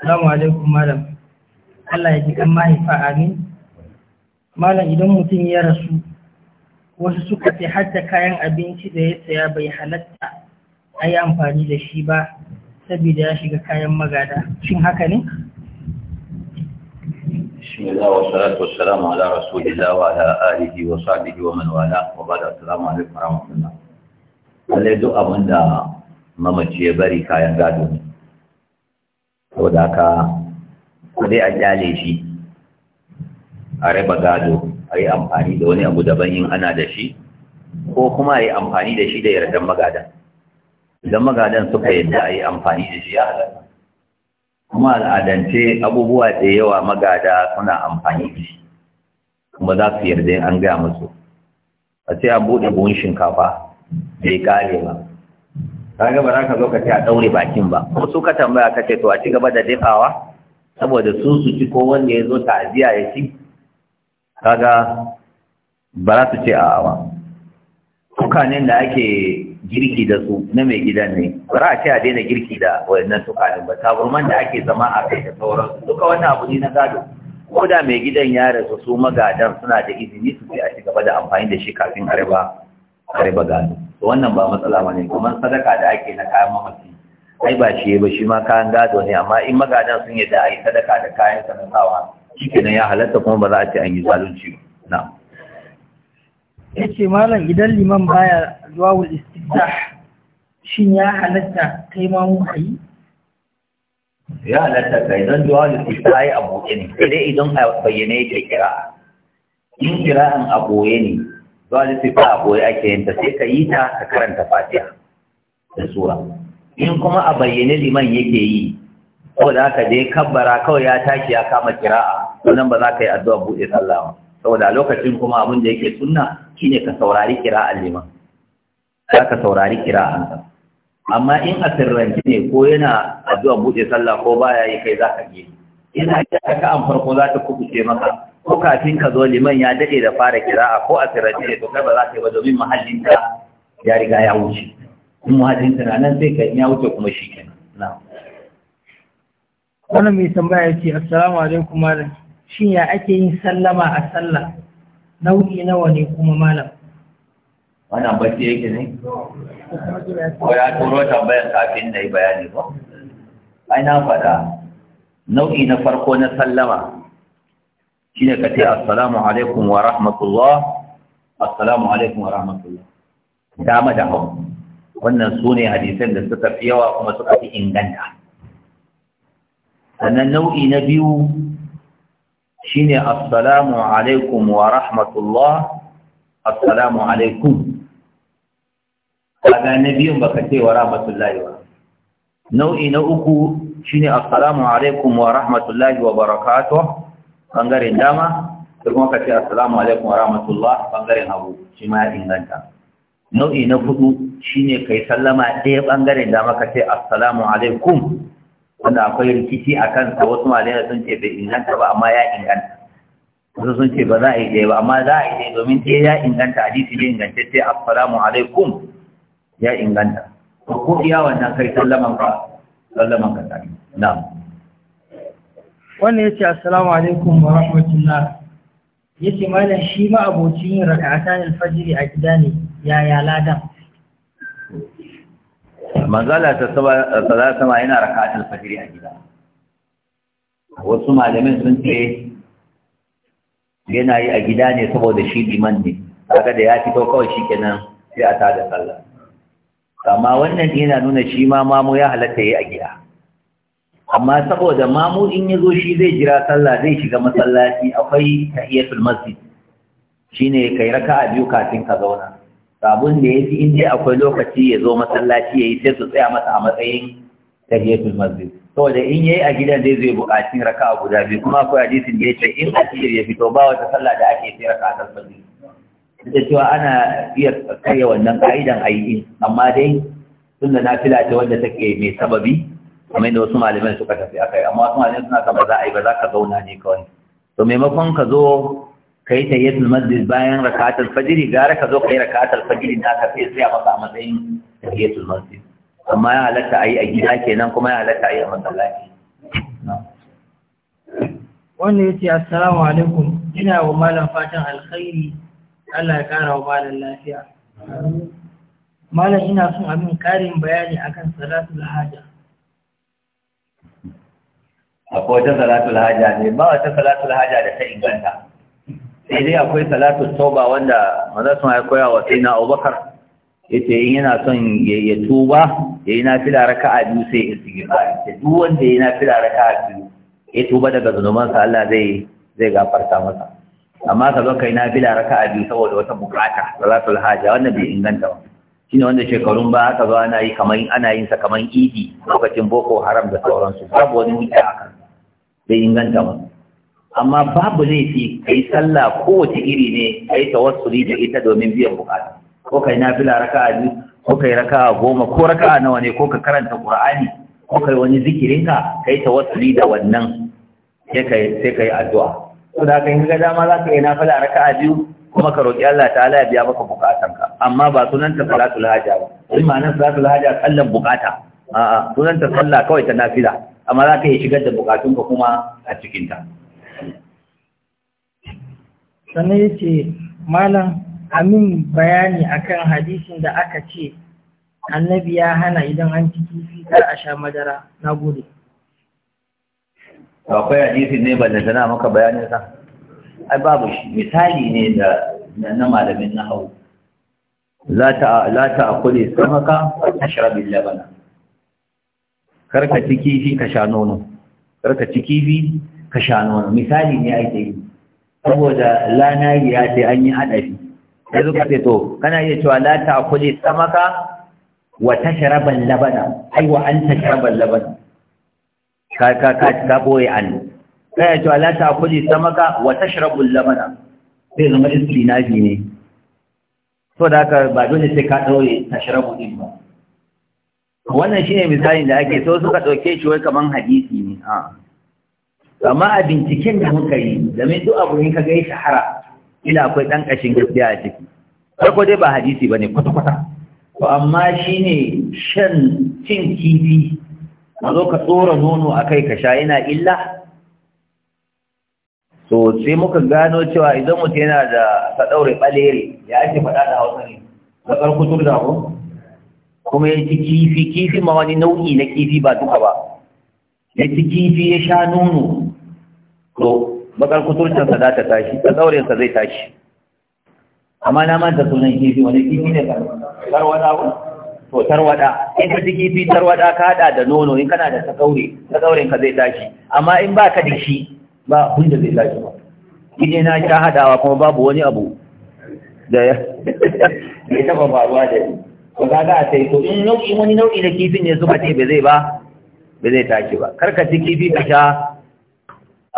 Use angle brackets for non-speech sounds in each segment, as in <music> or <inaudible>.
Salamu alaikum malam. Allah ya ji kan mahaifa amin. Malam idan mutum ya rasu, wasu suka ce hadda kayan abinci da ya saya bai halatta a yi amfani da shi ba, saboda ya shiga kayan magada. Shin haka ne? ala rasu, والصلاة والسلام على رسول الله وعلى آله وصحبه wa ba da salamu alaikum, ramar suna. Wale duk abin da mamaci ya bari kayan gado ne. saboda haka sai a kyale shi a raba gado a yi amfani da wani abu daban yin ana da shi ko kuma a yi amfani da shi da yardar magadan idan magadan suka yadda a yi amfani da shi a halatta kuma al'adance abubuwa da yawa magada suna amfani da shi kuma za su yarda an gaya musu a ce a buɗe buhun shinkafa bai kare ba kaga ba za ka zo ka ce a daure bakin ba ko su ka tambaya ka ce to a ci gaba da dafawa saboda su su ci ko wanda ya zo ta'aziya ya ci kaga ba za su ce a'a ba tukanen da ake girki da su na mai gidan ne ba za a ce a daina girki da wayannan tukanen ba taburman da ake zama a kai da sauran duka wani abu ne na gado ko da mai gidan ya rasu su magadan suna da izini su ce a ci gaba da amfani da shi kafin a raba ba gano, gado wannan ba matsala ba ne kamar sadaka da ake na kayan mamaki, ai ba shi ba shi ma kayan gado ne amma in magadan sun yadda a yi sadaka da kayan sanatawa shi kenan ya halatta kuma ba za a ce an yi zalunci na ya ce malam idan liman baya zuwa wul istiqda shin ya halatta kai ma mu kai ya halatta kai don zuwa wul istiqda ai abu ne sai dai idan a bayyane yake kira in kira a aboye ne zuwa fi ba a boye ake yin ta sai ka yi ta ka karanta fatiha da sura in kuma a bayyane liman yake yi da aka je kabbara kawai ya tashi ya kama kira'a wannan ba za ka yi addu'a buɗe sallah ba saboda a lokacin kuma abin da yake sunna shine ka saurari kira'an liman za ka saurari kira'a ta. amma in a sirrance ne ko yana addu'a buɗe sallah ko baya yi kai za ka yi in haka ka an farko za ta kubuce maka ko kafin ka zo liman ya dade da fara kira'a ko a sirrace to kai ba za ka yi ba domin muhallin ka ya riga ya wuce in muhallin ka nan sai ka ya wuce kuma shi ke na wannan mai tambaya ce assalamu alaikum malam shin ya ake yin sallama a sallah nau'i nawa ne kuma malam wannan bacci yake ne ko ya turo tambayar kafin na yi bayani ba ai na faɗa nau'i na farko na sallama shine ka ce assalamu alaikum wa rahmatullah assalamu alaikum wa rahmatullah dama da hawa wannan sune hadisan da suka fi yawa kuma suka fi inganta sannan nau'i na biyu shine assalamu alaikum wa rahmatullah assalamu alaikum kaga na biyun baka ce wa rahmatullahi wa nau'i na uku shine assalamu alaikum wa rahmatullahi wa barakatuh Ɓangaren dama da kuma ka ce assalamu alaikum wa rahmatullah ɓangaren hagu shi ma ya inganta nau'i na hudu shine kai sallama ɗaya ɓangaren dama ka ce assalamu alaikum wanda akwai rikici a kansa wasu malaya sun ce bai inganta ba amma ya inganta wasu sun ce ba za a yi ɗaya ba amma za a yi ɗaya domin ɗaya ya inganta hadisi ne ingance ce assalamu alaikum ya inganta ko iya wannan kai sallaman ka sallaman ka tsari na'am wannan ya ce assalamu alaikum wa rahmatullah ya ce malam shi ma abocin yin raka'atan alfajiri a gida ne yaya ladan manzala ta saba sama yana raka'atan alfajiri a gida wasu malamin sun ce yana yi a gida ne saboda shi liman ne kaga da ya fito kawai shi kenan sai a tada sallah amma wannan yana nuna shi ma mamu ya halatta yi a gida amma saboda mamu in ya zo shi zai jira sallah zai shiga masallaci akwai tahiyatul masjid shine kai a biyu kafin ka zauna sabon da yafi in dai akwai lokaci ya zo masallaci yayi sai su tsaya masa a matsayin tahiyatul masjid saboda in yayi a gidan zai zai buƙaci raka guda biyu kuma akwai hadisin da yace in a cikin ya fito ba wata sallah da ake sai raka ta masjid da cewa ana iya kai wannan ka'idan ayi amma dai tunda nafila ce wanda take mai sababi kuma inda wasu malaman suka tafi aka yi. amma wasu malaman suna ka ba za a yi ba za ka zauna ne kawai to maimakon ka zo ka yi tayyatul masjid bayan rakatul fajiri gara ka zo ka yi rakatul fajiri na ka fiye sai a maka a matsayin tayyatul masjid amma ya halatta a yi a gida kenan kuma ya halatta a yi a masallaci wanda ya ce assalamu alaikum ina wa malam fatan alkhairi Allah ya kara wa malam lafiya malam ina son abin karin bayani akan salatul haja akwai wata salatul hajja ne ba wata salatul hajja da ta inganta sai dai akwai salatul tauba wanda manzo sun ya koya wa na Abubakar yace in yana son ya tuba ya yi nafila a biyu sai ya istighfar ya duk wanda ya yi nafila a biyu ya tuba daga zanuman sa Allah zai zai gafarta masa amma ka zo kai nafila a biyu saboda wata bukata salatul hajja wannan bai inganta ba shine wanda shekarun ba aka zo ana yi kamar ana yin sa kamar idi lokacin boko haram da sauransu babu wani hujja akan bai inganta mu amma babu laifi kai sallah ko wace iri ne kai tawassuli da ita domin biyan bukata ko kai nafila raka'a biyu ko kai raka'a goma ko raka'a nawa ne ko ka karanta qur'ani ko kai wani zikirin ka kai tawassuli da wannan sai kai sai addu'a to da kai ga dama za ka yi nafila raka'a biyu kuma ka roƙi Allah ta'ala ya biya maka bukatan ka amma ba sunan ta salatul hajja ba sai ma'anar salatul hajja kallan bukata a'a sunan ta sallah kawai ta nafila amma za ka yi shigar da bukatunka kuma a cikinta sannan ya ce malam amin bayani akan hadisin da aka ce annabi ya hana idan an ciki kifi kar a sha madara na gode akwai hadisin ne ban da sana maka bayanin sa ai babu shi misali ne da na malamin hau. la ta la ta akuli samaka ashrabil labana karka ci kifi ka sha nono karka ci kifi ka sha nono misali ne ake yi saboda lana ya ce an yi haɗari sai suka ce to kana iya cewa la ta kuli samaka wa tashraban labana ai wa an tashraban labana ka ka ka ka boye an kai ya cewa la ta kuli samaka wa tashrabul labana sai zama istinafi ne to da haka ba dole sai ka daure tashrabu din ba wannan shine misalin da ake so suka ɗauke shi wai kaman hadisi ne a amma a binciken da muka yi mai duk abu in ka ga shahara ila akwai ɗan ƙashin gaskiya a ciki farko dai ba hadisi ba ne kwata-kwata to amma shine shan cin kifi a zo ka tsora nono a kai ka sha yana illa to sai muka gano cewa idan mutum yana da ta ɗaure ɓalere ya ake faɗa da hausa ne da ƙarkutur da ko kuma ya ci kifi kifi ma wani nau'i na kifi ba duka ba ya ci kifi ya sha nono to bakar kuturcinsa za ta tashi tsaurinsa zai tashi amma na manta sunan kifi wani kifi ne tarwada to tarwada in ka ci kifi tarwada ka hada da nono in kana da tsaure tsaurin ka zai tashi amma in ba ka da shi ba abin da zai tashi ba kine na sha hadawa kuma babu wani abu da ya <laughs> taba faruwa da ni ko kaga a sai to in nau'i wani nau'i na kifin ne zuba ce ba zai ba ba zai tashi ba kar ka ci kifi ka sha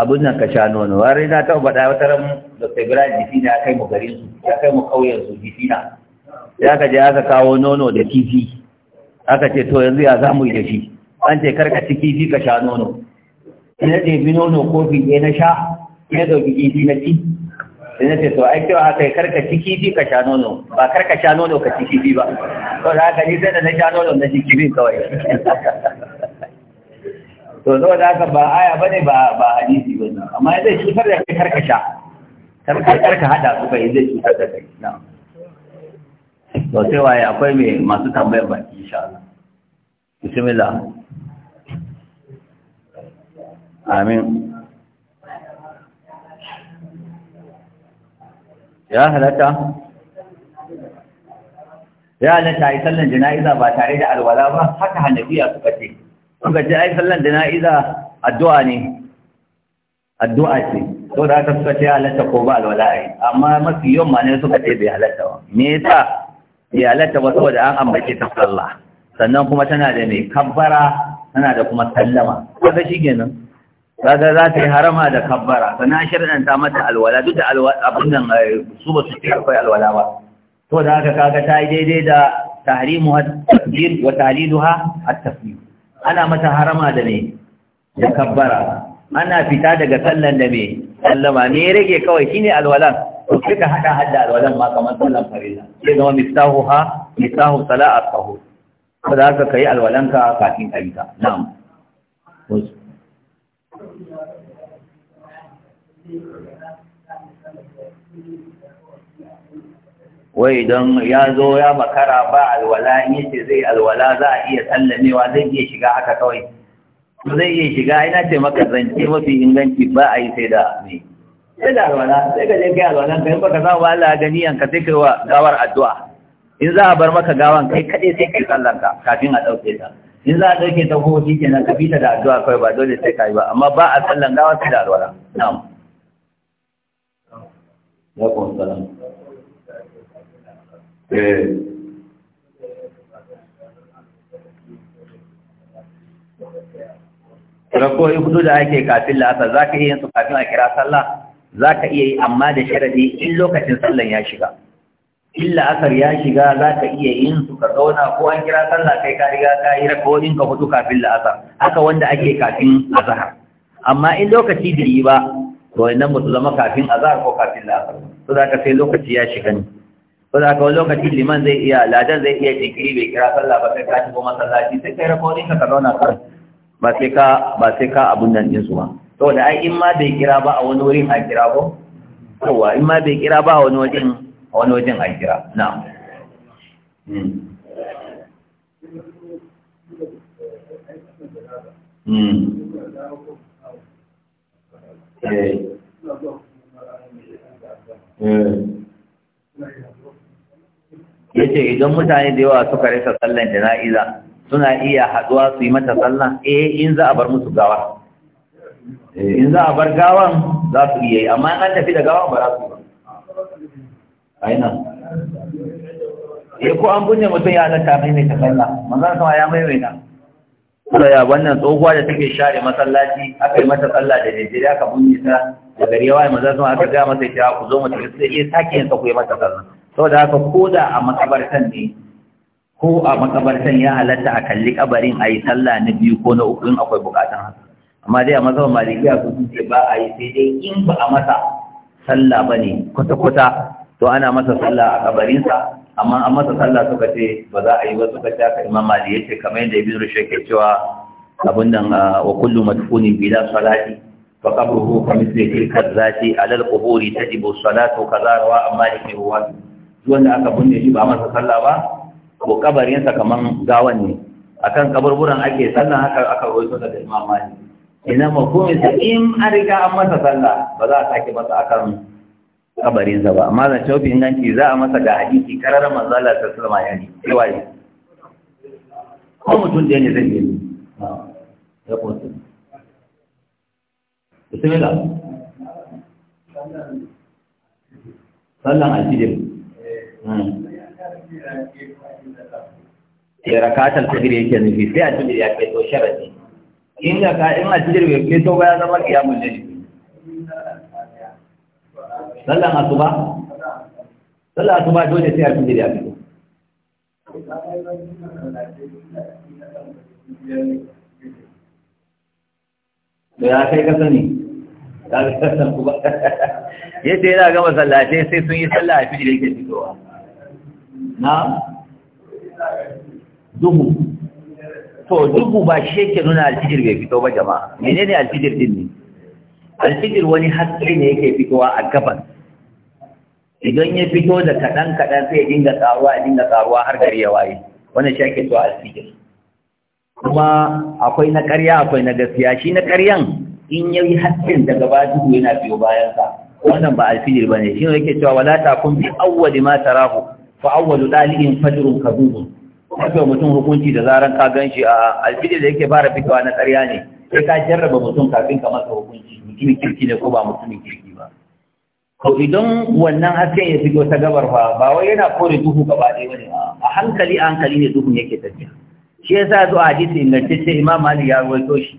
abun nan ka sha nono wani na taɓa faɗa wata ran dr bira jifina ya kai mu garin su ya kai mu kauyen su na ya ka je aka kawo nono da kifi aka ce to yanzu ya zamu yi da shi an ce kar ka ci kifi ka sha nono ina ɗebi nono kofi ɗaya na sha ina ɗauki kifi na ci Ina ce to ai cewa haka karka ciki kifi ka sha nono ba karka sha nono ka ciki kifi ba to da haka ni sai da na sha nono na ciki kifi kawai <laughs> to zo da haka ba aya bane ba ba hadisi bane amma shi cutar da kai karka sha karka karka hada su kai zai cutar da kai na to sai waye akwai mai masu tambayar ba insha Allah bismillah amin ya halatta ya halatta a yi sallan jana'iza ba tare da alwala ba haka hannabiya suka ce suka ce a yi sallan jana'iza addu'a ne addu'a ce sau da aka suka ce halatta ko ba alwala a yi amma mafi yawan ma ne suka ce bai halatta ba me yasa bai halatta ba saboda an ambace ta sallah sannan kuma tana da mai kabbara tana da kuma sallama kaga shi kenan kaga za ta yi harama da kabbara shirin shirɗanta mata alwala duk da abin nan eh, su ba su ce akwai alwala ba to da haka kaga ta yi daidai da tahrimu at-takbir wa taliluha at-taslim ana mata harama da ne da kabbara ana fita daga sallan da me sallama ne rage kawai shine alwala to kika hada hadda alwala ma kamar sallan farilla sai zama mistahuha mistahu sala'a sahur ko ka kai alwalanka kafin kai ta na'am wai idan ya zo ya makara ba alwala in yace zai alwala za a iya sallamewa zai iya shiga haka kawai zai iya shiga ina ce maka zance mafi inganci ba a yi sai da me sai da alwala sai ka je kai alwala kai baka za ba Allah gani yanka sai kai wa gawar addu'a in za a bar maka gawan kai kaɗai sai kai ka kafin a ɗauke ta in za a ɗauke ta ko shi kenan ka fita da addu'a kawai ba dole sai ka yi ba amma ba a sallan gawa sai da alwala na'am ya kunsa eh rakoyi hudu da ake kafin la'asar za ka iya yin su kafin a kira sallah za ka iya yi amma da sharaɗi in lokacin sallan ya shiga in la'asar ya shiga za ka iya yin su ka zauna ko an kira sallah kai ka riga ka yi rakoyin ka hudu kafin la'asar haka wanda ake kafin azahar amma in lokaci bai yi ba to idan mutu zama kafin a ko kafin la'asar Su za ka sai lokaci ya shiga ne su za ka wani lokaci liman zai iya ladan zai iya jinkiri bai kira sallah ba sai kashi shigo masallaci sai kai rakoni ka zauna kan ba sai ka ba sai ka abun nan din su ba da ai in ma bai kira ba a wani wurin a kira ko yawa in ma bai kira ba a wani wajen a wani wajen a kira Na. Mm. Hmm. Eh. ya ce idan mutane da yawa suka rasa sallan jana'iza suna iya haduwa su yi mata sallan eh in za a bar musu gawa eh. in za a bar gawan za su iya yi amma an tafi da gawan ba za su ba aina Ya eh, ko an bunne mutum ya zata mai mai ta sallah manzan sama ya mai mai saboda wannan tsohuwa da take share masallaci aka yi mata sallah da jejjere aka bunye ta da gari yawa maza sun aka ga masa cewa ku zo mu tafi sai ya sake yin ku yi mata sallah saboda haka ko da a makabartan ne ko a makabartan ya halatta a kalli kabarin a yi sallah na biyu ko na uku in akwai bukatan haka amma dai a mazan malikiya su ce ba a yi sai dai in ba a masa sallah ba ne kwata-kwata to ana masa sallah a kabarinsa amma an masa sallah suka ce ba za a yi ba suka ce aka imam mali ya ce kamar yadda ibn rushd ke cewa abin nan wa kullu madfuni bila salati fa qabruhu ka misli tilka zati ala al-quburi tajibu salatu kaza rawa amma yake ruwa wanda aka binne shi ba masa sallah ba ko kabarinsa kaman gawan ne akan kaburburan ake sallah haka aka rawaito daga imam mali ina mafhumin sa in an riga an masa sallah ba za a sake masa akan sa ba amma zan tafi inganci za a masa da hadisi karar manzo Allah ta sallama ya ne cewa ne ko mutum da ne zai yi ah, ya kuntu da sallan alfijir hmm. ya rakata alfijir yake nufi sai alfijir ya kai to sharadi in ka in alfijir bai kai to ba ya zama kiyamul layl sallan asuba sallan asuba dole sai a fijiri a fito da ya kai ka sani ya <laughs> ce yana gama sallace sai sun yi sallah a da yake fitowa na duhu to duhu ba shi yake nuna alfijir bai fito ba jama'a menene alfijir din ne alfijir wani haske ne yake fitowa a gabas idan ya fito da kaɗan kaɗan sai ya dinga ƙaruwa ya dinga ƙaruwa har gari ya waye wannan shi ake so alfijir kuma akwai na ƙarya akwai na gaskiya shi na ƙaryan in ya yi haskin daga ba duhu yana biyo sa wannan ba alfijir ba ne shi ne yake cewa wala ta kun bi awwali ma tarahu fa awwalu dalilin fajrun kadubun kafa mutum hukunci da zaran ka ganshi a alfijir da yake fara fitowa na ƙarya ne sai ka jarraba mutum kafin ka masa hukunci mutumin kirki ne ko ba mutumin kirki ba ko idan wannan hasken ya shigo ta gabar fa ba wai yana kore duhu gaba ɗaya bane a hankali a hankali ne duhun yake tafiya shi yasa zo a hadisi ingantacce imam Ali ya rawaito shi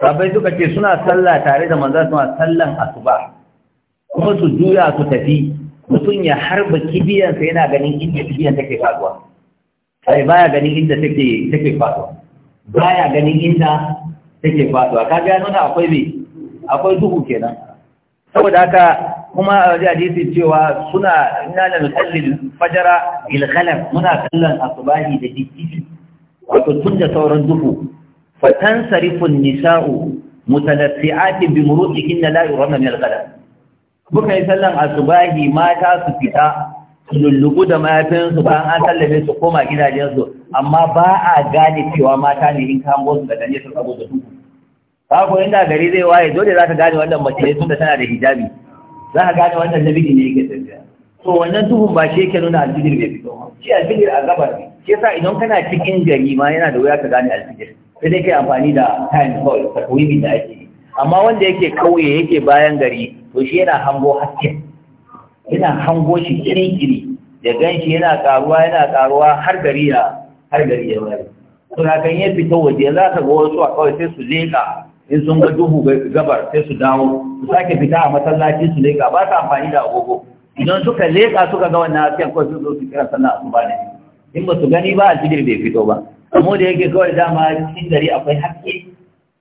sabai suka ce suna sallah tare da manzo suna sallan asuba kuma su juya su tafi mutum ya harba kibiyansa yana ganin inda kibiyan take faduwa sai baya ganin inda take take faduwa baya ganin inda take faduwa kaga nuna akwai me akwai duhu kenan saboda haka kuma a wajen hadisi cewa suna ina da fajara ilghalar muna kallon asubahi da dikifi wato tun da sauran duhu fatan sarifin nisa'u mutalassi'atin bi muru'ikin na layu rana min alghalar muka yi sallan asubahi mata su fita su lullubu da mayafinsu bayan an sallame su koma gidajensu amma ba a gane cewa mata ne in kamo su daga nesa saboda duhu Ba ko inda gari zai waye dole za ka gane wannan mace ne tunda tana da hijabi za ka gane wannan namiji ne yake tafiya to wannan tuhun ba shi yake nuna alfijir bai fito shi alfijir a gabar ne shi yasa idan kana cikin gari ma yana da wuya ka gane alfijir sai dai kai amfani da time call takwimi da ake amma wanda yake kauye yake bayan gari to shi yana hango haske yana hango shi kiri-kiri da ganshi yana karuwa yana karuwa har gari ya har gari ya wari to na kan yi fito waje za ka ga wasu a kawai sai su leƙa in sun ga duhu gabar sai su dawo su sake fita a masallaci su leka ba ta amfani da agogo idan suka leka suka ga wannan hasken kawai su zo su kira sallah ba ne in ba su gani ba aljibir bai fito ba amma da yake kawai dama cikin gari akwai haske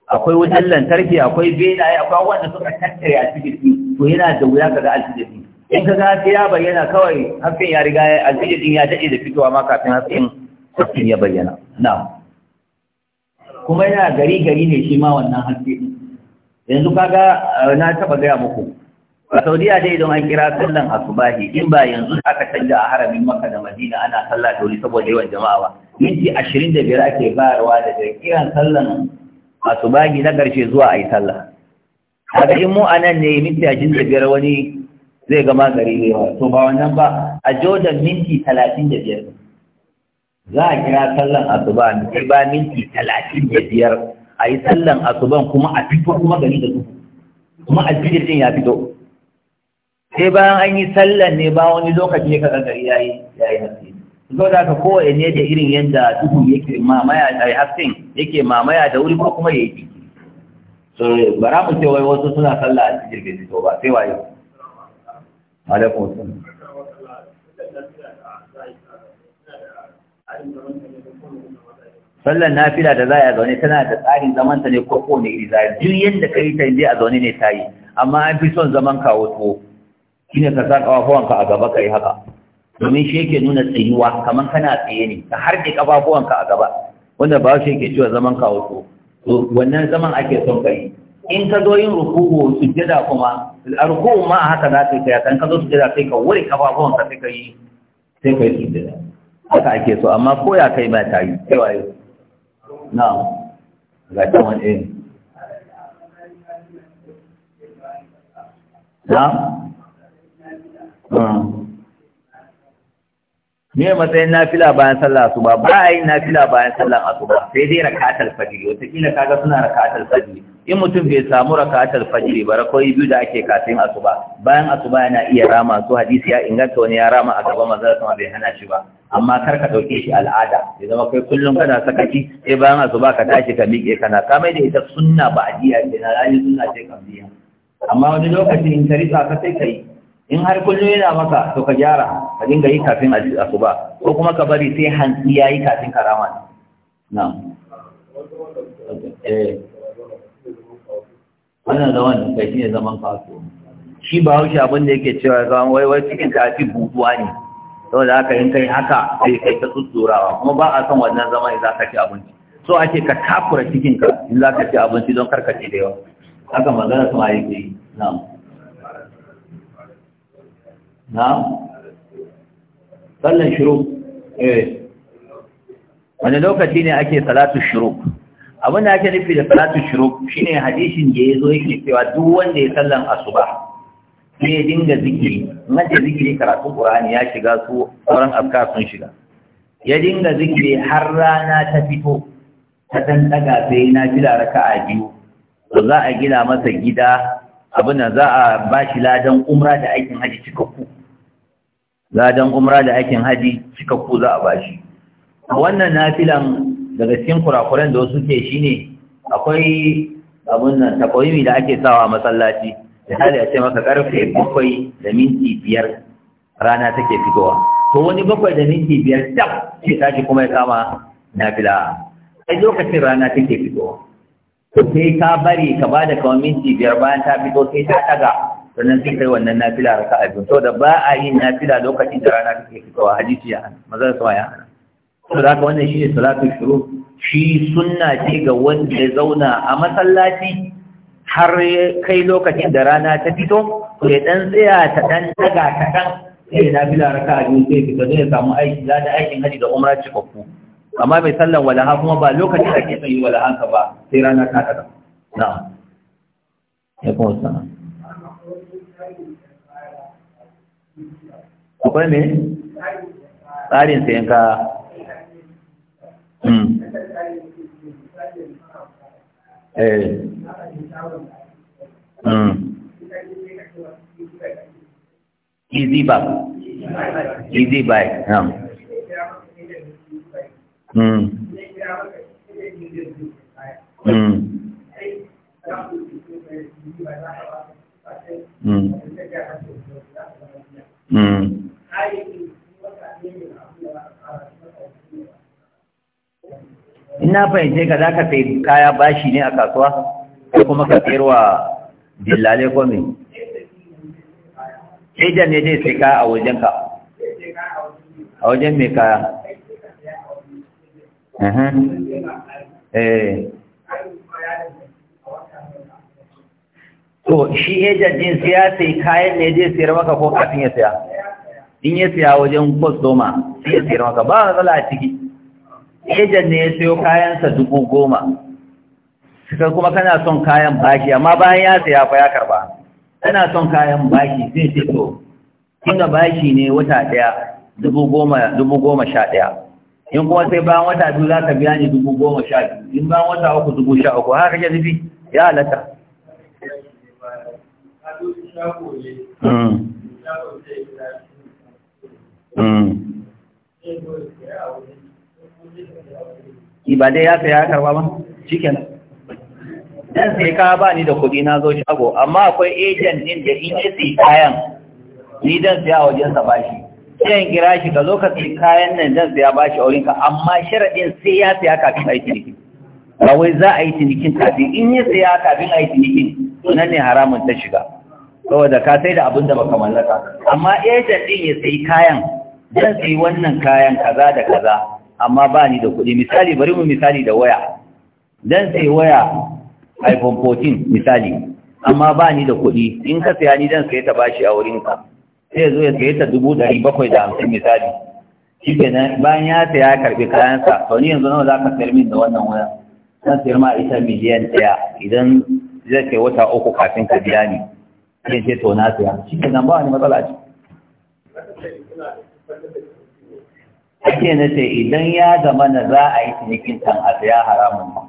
akwai wutar lantarki akwai benaye akwai wanda suka tattare a cikin to yana da wuya kaga ɗin in ka ga ya bayyana kawai hasken ya riga ɗin ya daɗe da fitowa ma kafin hasken ya bayyana na'am kuma yana gari gari ne shi ma wannan haske yanzu kaga eh, na taba gaya muku a saudiya dai idan an kira sallan asubahi in ba yanzu aka canja a haramin maka da madina ana sallah da wuri saboda yawan jama'a ba minti ashirin da biyar ake bayarwa daga kiran sallan asubahi na karshe zuwa a yi sallah kaga in mu anan ne minti ashirin da biyar wani zai gama gari ne to ba wannan ba a jodan minti talatin da biyar za a kira sallan asuba ne sai ba minti talatin da biyar a yi sallan asuban kuma a fito kuma gani da su kuma alfijir din ya fito sai bayan an yi sallan ne ba wani lokaci ne kaga gari ya yi ya yi haske zo da ka kowa ne da irin yadda duhu yake mamaya a hasken yake mamaya da wuri ko kuma ya yi jiki so bara mu ce wai wasu suna sallah alfijir jirgin fito ba sai wayo alaikum assalam sallar nafila da za a zaune tana da tsarin zamanta ne ko kowane iri zai duk yadda ka yi ta yi a zaune ne ta yi amma an fi son zaman kawo to, shi ne ka sa ƙafafuwanka a gaba ka yi haka domin shi yake nuna tsayuwa kamar kana tsaye ne ka harɗe ƙafafuwanka a gaba wanda ba shi yake cewa zaman kawo to wannan zaman ake son ka yi in ka zo yin su sujjada kuma a rukuku ma haka za ka yi ka kan ka zo su sujjada sai ka wuri ƙafafuwanka sai ka yi sai ka yi sujjada haka ake so amma ko ya kai ba ta yi cewa yi na ga can wani irin eh. na me matsayin nafila bayan sallah asuba ba a yin nafila bayan sallah asuba sai dai raka'atul fajr wata kila kaga suna raka'atul fajr in mutum bai samu raka'atul fajr ba rakoyi biyu da ake kafin asuba bayan asuba yana iya rama su hadisi ya inganta wani ya rama a gaban manzon sama bai hana shi ba amma kar ka dauke shi al'ada ya zama kai kullum kana sakaci sai bayan asuba ka tashi ka miƙe kana ka mai da ita sunna ba ajiya ce na rayu sunna ce kambiya amma wani lokaci in ta rifa ka sai kai in har kullum yana maka to ka gyara ka dinga yi kafin asuba ko kuma ka bari sai hantsi yayi kafin karama ne. eh wannan zaman kai ne zaman kawo shi ba haushi abin da yake cewa zaman wai wai cikin ka fi buduwa ne saboda haka in kai haka sai kai ta tsutsurawa kuma ba a son wannan zaman za ka ci abinci so ake ka takura cikin ka in za ka ci abinci don karkace da yawa haka magana su ma yi na'am na eh. wani lokaci ne ake salatu shuruk abin da ake nufi da salatu shuruk shine hadisin da ya zo yake cewa duk wanda ya sallan asuba sai ya dinga zikiri mace zikiri karatu qur'ani ya shiga su sauran afkar sun shiga ya dinga zikiri har rana ta fito ta dan daga sai na jira raka'a biyu za a gina masa gida abin da za a bashi ladan umra da aikin haji cikakku ladan umra da aikin haji cika ku za a bashi wannan nafilan daga cikin kurakuran da wasu ke shine akwai abun nan da ake sawa masallaci hali a ce maka karfe bakwai da minti biyar rana take fitowa to wani bakwai da minti biyar dab sai tashi kuma ya kama nafila ai lokacin rana take fitowa to sai ka bari ka bada kawai minti biyar bayan ta fito sai ta taga. sannan sai kai wannan nafila raka a biyu saboda ba a yin nafila lokacin da rana take fitowa hadisi ya hana maza su ya hana saboda haka wannan shi ne salatu shuru shi sunna ce ga wanda ya zauna a masallaci har kai lokacin da rana ta fito to ya dan tsaya ta dan daga ta dan sai nafila raka a biyu sai fito zai samu aiki za da aikin hadi da umra cikakku amma mai sallan walaha kuma ba lokacin da ke tsayi ka ba sai rana ta daga na'am ya kuma sana'a akwai me tsarin sayan kaya hmm. eh hmm. easy easy buy na fahimce ka za ka sai kaya bashi ne a kasuwa ko kuma ka wa dillale ko me ejan ne zai sai kaya a wajen ka a wajen mai kaya eh. to shi ejan din siya sai kayan ne zai sayar maka ko kafin ya siya in ya siya wajen kwastoma sai ya sayar maka ba matsala a ciki ejan ne ya sayo kayansa dubu goma suka kuma kana son kayan bashi amma bayan ya saya fa ya karba kana son kayan bashi zai ce to kinga bashi ne wata daya dubu goma dubu goma sha daya in kuma sai bayan wata biyu za ka biya ni dubu goma sha biyu in bayan wata uku dubu sha uku haka kake nufi ya halatta Mm. Mm. ba dai ya saya karba ba shikenan ɗan sai ka ba ni da kuɗi na zo shago amma akwai agent din da in ya sai kayan ni dan a wajen sa bashi sai in kira shi ka zo ka sai kayan nan dan ba bashi a wurinka amma sharaɗin sai ya saya kafin a yi cinikin ba wai za a yi cinikin kafin in ya saya kafin a yi cinikin nan ne haramun ta shiga saboda ka sai da abin da baka mallaka amma agent din ya sai kayan dan sai wannan kayan kaza da kaza amma ba ni da kuɗi misali bari mu misali da waya dan sai waya iphone 14 misali amma ba ni da kuɗi in ka saya ni dan sai ta bashi a wurin ka, sai zo ya saya ta dubu dari bakwai da hamsin misali shi nan bayan ya saya ya karɓi kayansa to ni yanzu nawa za ka sayar min da wannan waya zan sayar ma ita miliyan ɗaya idan zai kai wata uku kafin ka biya ni sai ce to na saya shi nan ba ni matsala ce ake na ce idan ya zama na za a yi cinikin kan abu ya haramun ba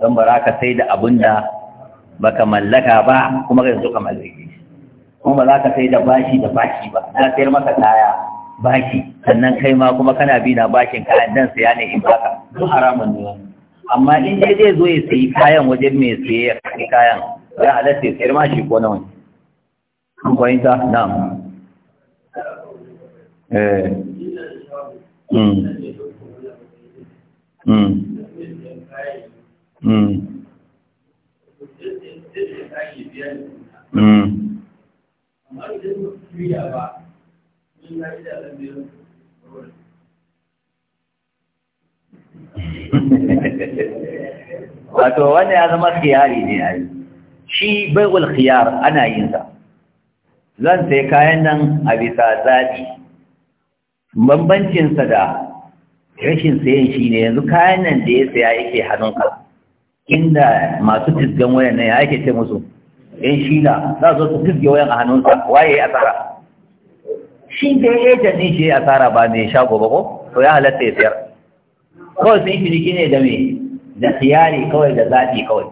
don ba za ka sai da abin da ba ka mallaka ba kuma ka zo ka mallake kuma ba za ka sai da bashi da bashi ba na sayar maka kaya bashi sannan kai ma kuma kana bi na bashin kayan dan saya ne in baka duk haramun ne amma in dai zai zo ya sayi kayan wajen mai saye ya kai kayan ya halatta ya sayar ma shi ko na wani an fahimta na'am eh. wato wanda ya zama khiyari ne a shi baiwal khiyar ana yin sa zan sai kayan nan a bisa zaɓi bambancinsa da rashin sayan shi ne yanzu kayan nan da ya saya yake hannunka inda masu fisgan wayan nan ya ake ce musu yan shila za su su fisge wayan a hannunsa waye ya asara shi da ya ejan ɗin shi ya asara ba ne shago ba ko to ya halatta ya sayar kawai sun shi ne da me da siyari kawai da zaɓi kawai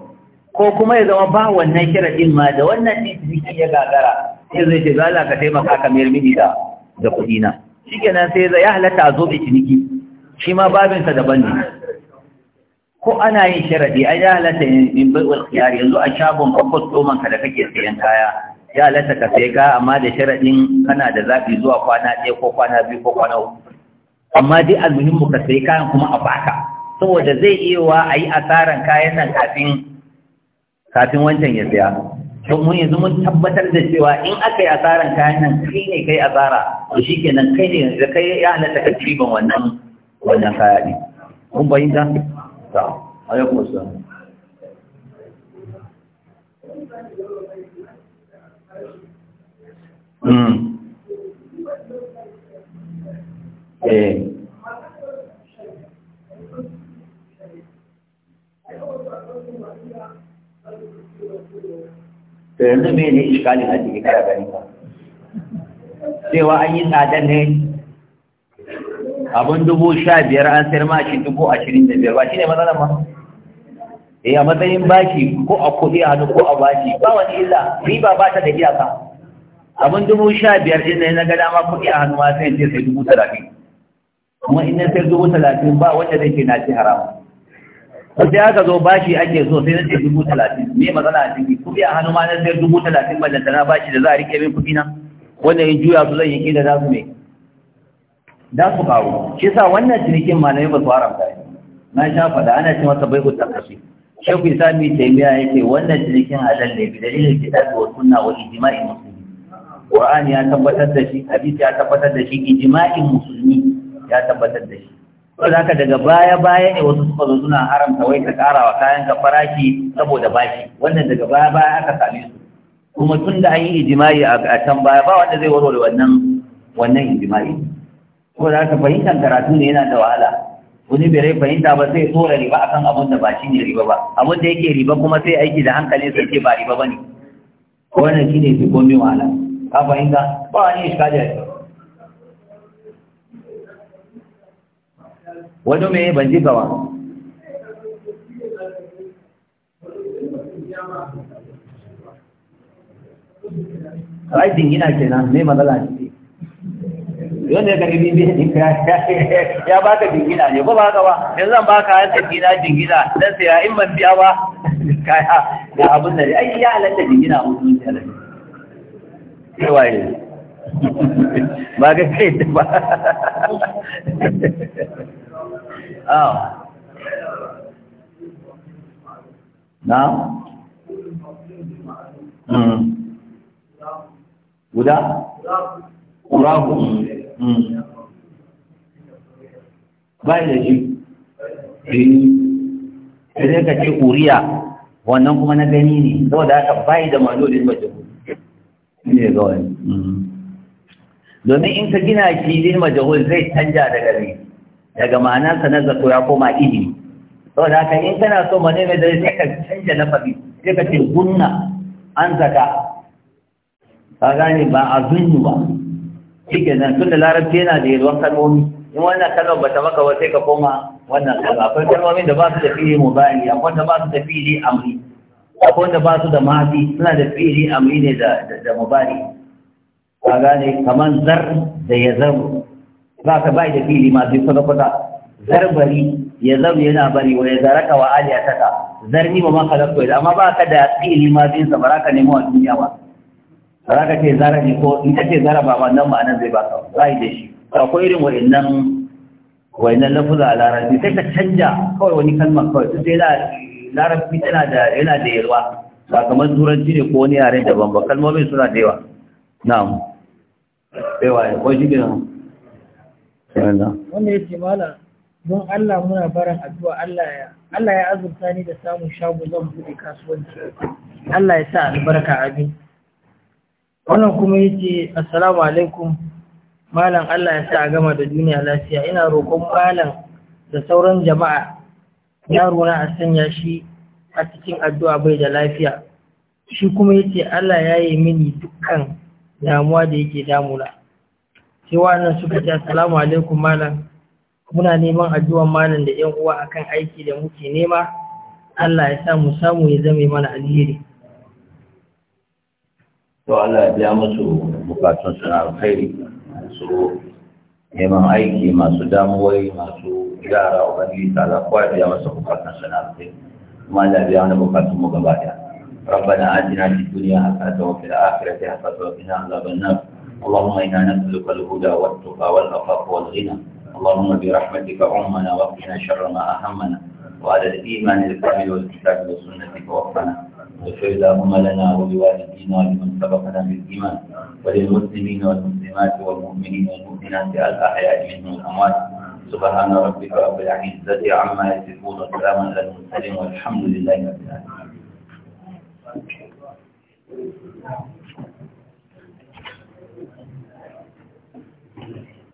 ko kuma ya zama ba wannan sharaɗin ma da wannan ɗin ciniki ya gagara sai zai ce za ka taimaka ka mayar mini da kuɗi na shi nan sai ya halatta a zobe ciniki shi ma babinsa daban ne ko ana yin sharaɗi a ya halatta in bai khiyari yanzu a shagon kwakwas doman ka da kake sayan kaya ya halatta ka sai ka amma da sharaɗin kana da zafi zuwa kwana ɗaya ko kwana biyu ko kwana uku amma dai almuhimmu ka sai kayan kuma a baka saboda zai iya wa a yi asaran kayan nan kafin wancan ya saya don mun yanzu mun tabbatar da cewa in aka yi asaran kayan nan kai ne kai asara to shi kenan kai ne yanzu kai ya halatta ka riban wannan wannan kaya ne kun bayyana ta alaikum assalam Mm. Eh. Thank you. to yanzu me ne iskalin a cikin kara gani ba cewa an yi tsada ne abin dubu sha biyar an sayar shi dubu ashirin da biyar ba shi ne matsalar ma e eh, a matsayin bashi ko a kuɗi a hannu ko a bashi ba wani illa riba ba ta da ka. abin dubu sha biyar ɗin ne na ga dama kuɗi a hannu ma sai ce sai dubu talatin kuma in na sayar dubu talatin ba wanda zai ce na ci haramun sai aka zo bashi ake so sai na dubu talatin me magana a ciki kuɗi a hannu ma na sayar dubu talatin ban dantana bashi da za a rike min kuɗi na wanda in juya su zan yi kila za su me za su kawo. shi sa wannan cinikin yi ba su haramta na sha faɗa ana cin masa bai ku kashi shekku isa mai taimiya ya ce wannan cinikin halal ne bi dalilin kitabi wa sunna wa ijma'in musulmi Ƙur'ani ya tabbatar da shi hadisi ya tabbatar da shi ijma'in musulmi ya tabbatar da shi ko da daga baya baya ne wasu suka zo suna haramta wai ka karawa kayan ka faraki saboda baki, wannan daga baya baya aka same su kuma tun da an yi ijimai a can baya ba wanda zai warware wannan wannan ijimai ko da haka fahimtar karatu ne yana da wahala wani bai fahimta ba sai tsora riba akan abun da ba shi ne riba ba abun da yake riba kuma sai aiki da hankali sai ke ba riba ba ne wannan shi ne fi komi wahala ka fahimta ba wani iska da wani mai ban ji gawa dingina kenan mai matsala ne yadda ya <laughs> ya ba ka zan baka yan dingina dingina dan in ban biya ba <laughs> kaya dingina <laughs> ba ga kai ba ah na hmm. guda ƙuraku hmm. bai da shi eh. sai dai ka ce ƙuriya wannan kuma na gani ne da haka bai da malolin mace ne ga wani hmm. domin in ka gina shi lil majhul zai canja daga ne daga ma'anarsa na zato ya koma ilimi saboda haka in kana so mane mai dare sai ka canja lafazi sai ka ce gunna an zaka ka gane ba a zunnu ba shi ke nan tun da larabci yana da yalwan kalmomi in wannan kalmar ba ta maka ba sai ka koma wannan kalma akwai kalmomin da ba su da fili mu bani akwai da ba su da fili amri akwai da ba su da mafi suna da fili amri ne da mu bani ka gane kamar zar da ya zaru ba ka bai da fili ma kusa kusa, zar zarbari ya zama yana bari wa ya zaraka wa aliyataka zarni ba ma kalakto amma ba ka da fili ma zama sa ka nemo a duniya ba ka ce zara ne ko in ka ce zara ba ba nan ma'anar zai baka bai da shi akwai irin wa'annan wa'annan lafuza a larabci sai ka canja kawai wani kalma kawai sai larabci tana da yana da yalwa ba kamar turanci ne ko wani yaren daban ba kalmomin suna da yawa na'am yawa ko shi Wannan ya ce mala don Allah muna barin addu'a Allah ya Allah ya azurta ni da samun shago zan buɗe kasuwanci. Allah ya sa albarka abin. Wannan kuma ya ce assalamu alaikum malam Allah ya sa a gama da duniya lafiya ina roƙon malam da sauran jama'a yaro na a sanya shi a cikin addu'a bai da lafiya. Shi kuma ya ce Allah ya yi mini dukkan damuwa da yake damuna. sai nan suka ce assalamu alaikum malam muna neman addu'an malam da yan uwa akan aiki da muke nema Allah ya sa mu samu ya zame mana alheri to Allah ya biya musu bukatun na alkhairi su neman aiki masu damuwai masu yara ubangiji ta Allah ya biya masa bukatun na alkhairi kuma Allah ya biya wani bukatun mu gaba daya ربنا آتنا في الدنيا حسنة وفي الآخرة حسنة وقنا عذاب النار اللهم إنا نسألك الهدى والتقى والافاق والغنى اللهم برحمتك عمنا وقنا شر ما أهمنا وعلى الإيمان الكامل والكتاب والسنة توفنا واغفر اللهم لنا ولوالدينا ولمن سبقنا بالإيمان وللمسلمين والمسلمات والمؤمنين والمؤمنات الأحياء منهم الأموات سبحان ربك رب العزة عما يصفون وسلام على المرسلين والحمد لله رب العالمين